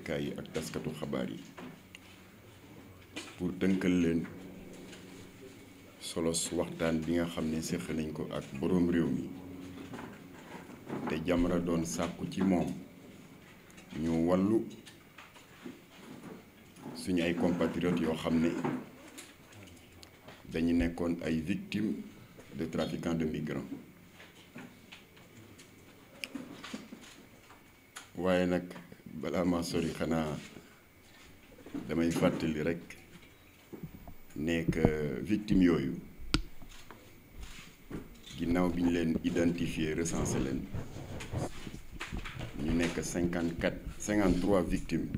yëglekaay yi ak taskatu xabaar yi pour tënkal leen solos waxtaan bi nga xam ne séq nañ ko ak boroom réew mi te Jamra doon sàkku ci moom ñu wàllu suñu ay compatriotes yoo xam ne dañu nekkoon ay victimes de trafiquants de migrants waaye nag balaa ma sori xanaa damay fàttali rek nekk victime yooyu ginnaaw bi ñu leen identifier recensé leen ñu nekk cinquante quatre cinquante trois victimes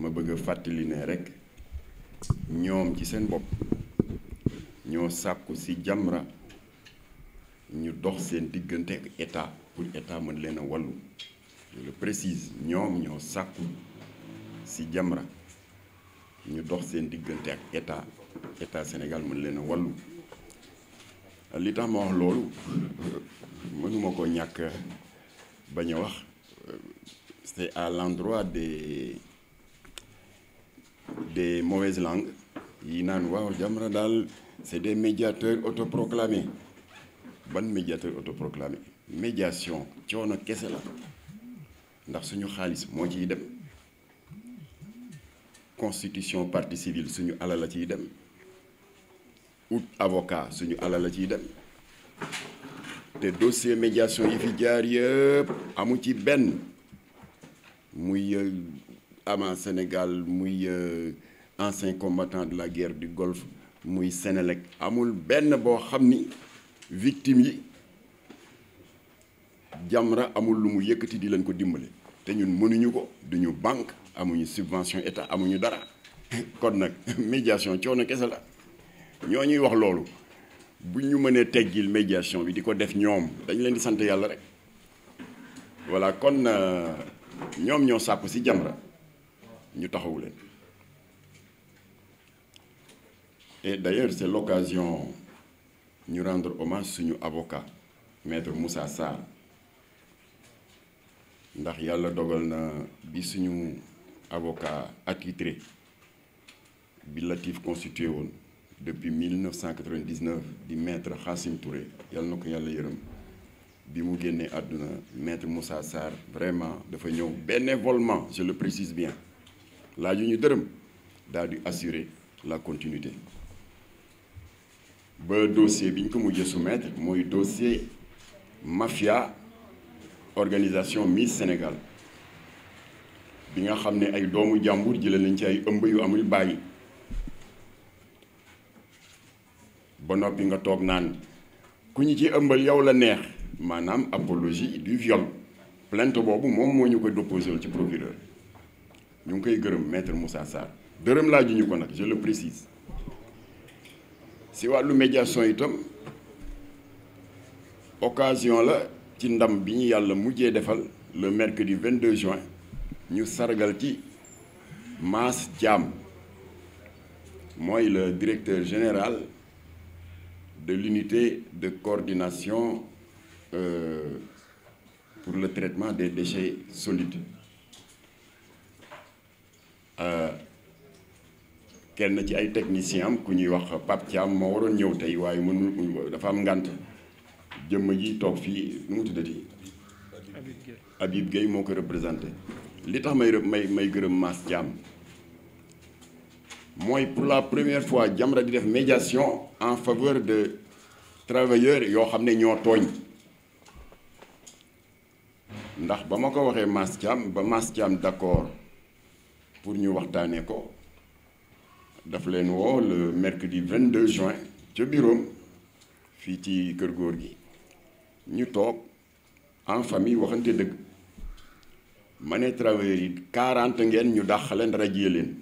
ma bëgg a fàttali ne rek ñoom ci seen bopp ñoo sàkku ci Jamra ñu dox seen diggante ak état pour état mën leen a wàllu. je le précise ñoom ñoo sàkku ci Jamra ñu dox seen diggante ak état état Sénégal mën leen a wàllu li tax ma wax loolu mënuma ko ñàkk bañ a wax c'est à l'endroit de des mauvaises langues yi naan waaw Jamra daal c'est des médiateurs autoproclamés ban médiateur autoproclamé médiation coono kese la ndax suñu xaalis moo ciy dem constitution partie civile suñu alal la ciy dem ut avocat suñu alal la ciy dem te dossier médiation yi fi jaar yëpp amu ci benn muy euh, ama Sénégal muy euh, ancien combattant de la guerre du Golfe muy Sénélec amul benn boo xam ni victime yi Jamra amul lu mu yëkkati di leen ko dimbale te ñun mënuñu ko duñu banque amuñu subvention état amuñu dara kon nag médiation coono kese la ñoo ñuy wax loolu bu ñu mënee teggil médiation bi di ko def ñoom dañ leen di sant yàlla rek voilà kon euh, ñoom ñoo sàpp ci Jamra ñu taxawu leen et d'ailleurs c'est l'occasion ñu rendre hommage suñu avocat maître Moussa Sarr ndax yàlla dogal na bi suñu avocat attitré bi Latif constitué woon depuis 1999 di maître Khassim Touré yàlla na ko yàlla yërëm bi mu génnee àdduna maître Moussa Sarr vraiment dafa ñëw bénévolement je le précise bien laaju ñu dërëm daal di assuré la continuité ba dossier bi ñu ko mujjee soumettre mooy dossier mafia. organisation Miss Sénégal bi nga xam ne ay doomu jàmbur jëlee nañ ci ay ëmb yu amul bàyyi ba noppi nga toog naan ku ñu ci ëmbal yow la neex maanaam apologie du viol plainte boobu moom moo ñu koy déposé ci procureur ñu ngi koy gërëm maître Moussa Sarr dërëm laa ju ñu ko nag je le précise si wàllu médiation itam occasion la ci ndam bi ñu yàlla mujjee defal le mercredi 22 juin ñu sargal ci Mass Thiam mooy le directeur général de l'unité de coordination euh, pour le traitement des déchets solides euh, kenn ci ay technicien am ku ñuy wax Pape caam moo waroon ñëw tey waaye mënul dafa am ngànt jëmm ji toog fii nu mu tuddati Habib Gueye moo ko représenté li tax may may may gërëm Mass Thiam mooy pour la première fois Jamra di def médiation en faveur de travailleurs yoo xam ne ñoo tooñ ndax ba ma ko waxee Mass Thiam ba Mass Thiam d'accord pour ñu waxtaanee ko daf leen woo le mercredi 22 juin ca bureau fii ci kër góor gi ñu toog en famille waxante dëgg ma ne travailleurs yi ngeen ñu dara rajee leen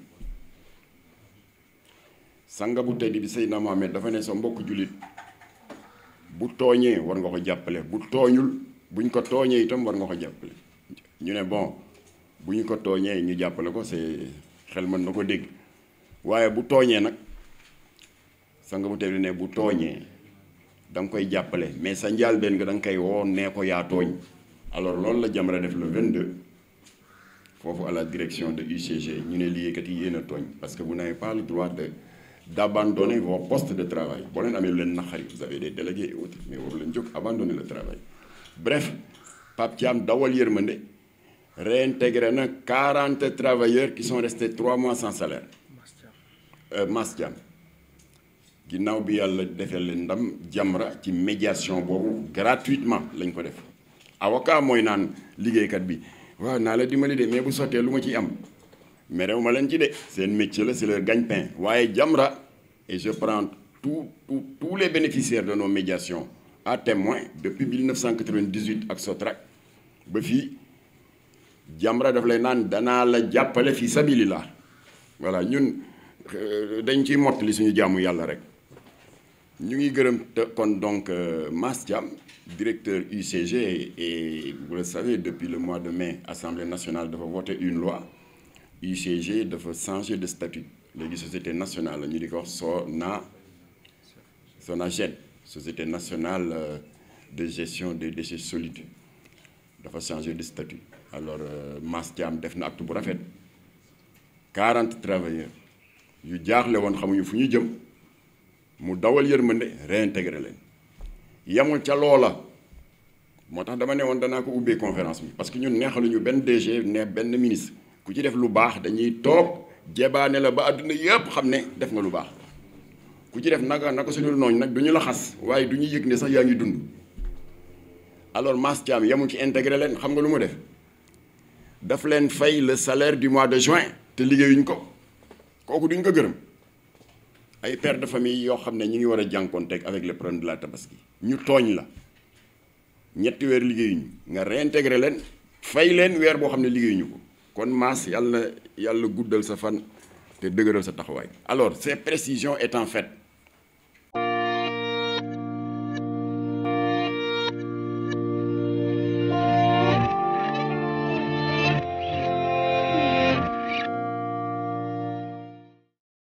sanga bu tedd bi Seydina amee dafa ne sa mbokk jullit bu tooñee war nga ko jàppale bu tooñul buñ ko tooñee itam war nga ko jàppale ñu ne bon bu ñu ko tooñee ñu jàppale ko c'est xel mën na ko dégg waaye bu tooñee nag sanga bu tedd ne bu tooñee da koy jàppale mais sa njaalbeen nga danga koy woo nee ko yaa tooñ alors lool la Jamra def le 22 foofu à la direction de UCG ñu ne liggéeykat yi yéen a tooñ parce que bu n'avez pas le droit de d'abandonner vos postes de travail boo leen amee lu leen naqari vous avez des délégués et autres mais waru leen jóg abandonner le travail bref Pape Thiam dawal yërmande réintégré na 40 travailleurs qui sont restés 3 mois sans salaire. Euh, Mass Thiam. ginnaaw bi yàlla defee leen ndam Jamra ci médiation boobu gratuitement lañ ko def avocat mooy naan liggéeykat bi waaw naa la dimbali de mais bu sottee lu ma ciy am mais réew ma leen ci de seen métier la c'est leur gagne-pain waaye Jamra et je prends tous tous tous les bénéficiaires de nos médiations à témoin depuis 1998 ak Sotrac ba fii Jamra daf lay naan danaa la jàppale fii sabilillah voilà ñun euh, dañ ciy mottali suñu jaamu yàlla rek. ñu ngi gërëm kon donc euh, mastiam Thiam directeur UCG et vous le savez depuis le mois de mai assemblée nationale dafa voté une loi UCG dafa changer de statut léegi société nationale la ñu di ko wax SONA SONAGED société nationale euh, de gestion des déchets solides dafa changer de statut alors euh, Mass def na acte bu rafet quarante travailleurs yu jaaxle woon xamuñu fu ñu jëm. mu dawal yërmande réintégré leen yamul ca loola moo tax dama ne woon danaa ko ubbee conférence bi parce que ñun neexaluñu benn DG ne benn ministre ku ci def lu baax dañuy toog ne la ba àdduna yëpp xam ne def nga lu baax ku ci def naka naka suñu nooñ nag du ñu laxas waaye du ñu yëg ne sax yaa ngi dund alors Mass Thiam yamul ci intégré leen xam nga lu ma def daf leen fay le salaire du mois de juin te liggéeyuñ ko kooku duñ ko gërëm ay pères de famille yoo xam ne ñu ngi war a jànkoonteeg avec le problème de la tabaski ñu tooñ la ñetti weer liggéeyuñu nga réintégré leen fay leen weer boo xam ne liggéeyuñu ko kon maas yàlla yàlla guddal sa fan te dëgëral sa taxawaay alors ces précisions étant faites